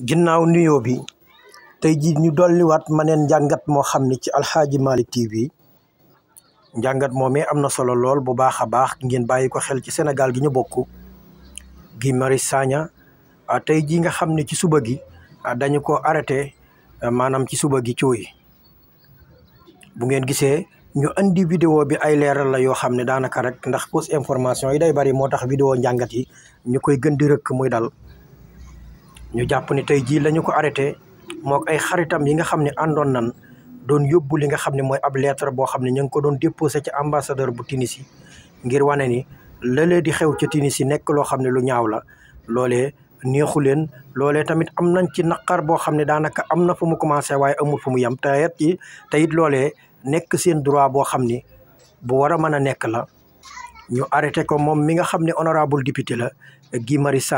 ginnaaw nuyoo bi tey jii ñu dolliwaat ma neen njàngat moo xam ne ci Aladji Malick TV njàngat moomee am na solo lool bu baax a baax ngeen bàyyi ko xel ci Sénégal gi ñu bokk Guy mari Sagna ah, tey jii nga xam ni ci suba gi ah, dañu ko arrêté ah, maanaam ci suba gi ci cooy bu ngeen gisee ñu andi vidéo bi ay leeral la yoo xam ne daanaka rek ndax pause information yi day bari moo tax vidéo njàngat yi ñu koy gën di rëkk muy dal ñu jàpp ni tey jii lañu ko arrêté moo ay xaritam yi nga xam ne àndoon nan doon yóbbu li nga xam ne mooy ab lettre boo xam ne ñu ngi ko doon déposé ci ambassadeur bu Tunisie ngir wane ni lëlee di xew ca Tunisie nekk loo xam ne lu ñaaw la loolee neexu leen loolee tamit am nañ ci naqar boo xam ne daanaka am na fu mu commencé waaye amul fu mu yem teyet yi teyit loolee nekk seen droit boo xam ni bu war a mën a nekk la ñu arrêté ko moom mi nga xam ne honorable député la Guy Marius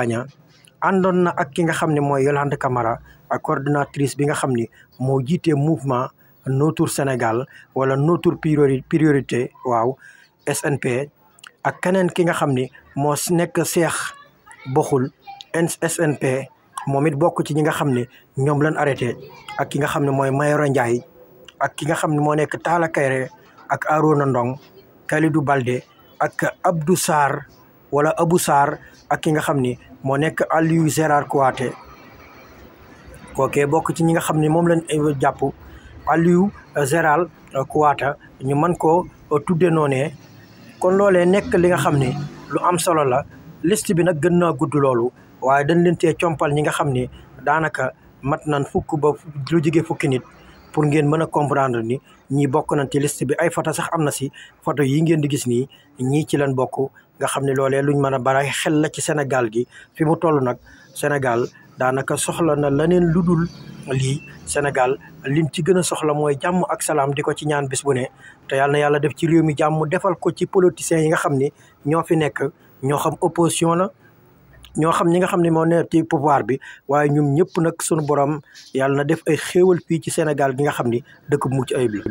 àndoon na ak ki nga xam ni mooy Yolande Camara ak coordonnatrice bi nga xam ni moo jiitee mouvement Notre Sénégal wala Notre priorité waaw SNP ak keneen ki nga xam ni moo nekk Cheikh Bokhul SNP moom it bokk ci ñi nga xam ni ñoom lañ arrêté ak ki nga xam ne mooy Mayoro Ndiaye ak ki nga xam ne moo nekk Talla Kairé ak Arona Ndong Kalidou Balde ak Abdou Sarr wala Abou Sarr ak ki nga xam ni moo nekk Aliou Gérard Kouaté kookee bokk ci ñi nga xam ni moom lañ eh, jàpp Aliou eh, Gérard eh, Kouaté ñu mën koo tudde noonee kon loolee nekk li nga xam ni lu am solo la liste bi nag gën naa gudd loolu waaye dañ leen tee compal ñi nga xam ni daanaka mat nañ fukk ba lu jige fukki nit pour ngeen mën a comprendre ni ñi bokk nañ tilist bi ay photo sax am na si photo yi ngeen di gis nii ñii ci lañ bokk nga xam ne loolee luñ mën a bari xel la ci Sénégal gi fi mu toll nag Sénégal daanaka soxla na leneen lu dul lii Sénégal lim ci gën a soxla mooy jàmm ak salaam di ko ci ñaan bis bu ne te yàlla yàlla def ci réew mi jàmm defal ko ci politiciens yi nga xam ni ñoo fi nekk ñoo xam opposition la ñoo xam ñi nga xam ne moo nekk ci pouvoir bi waaye ñun ñëpp nag sunu borom yàlla def ay xéewal fii ci Sénégal gi nga xam ni dëkk bu mucc ayib la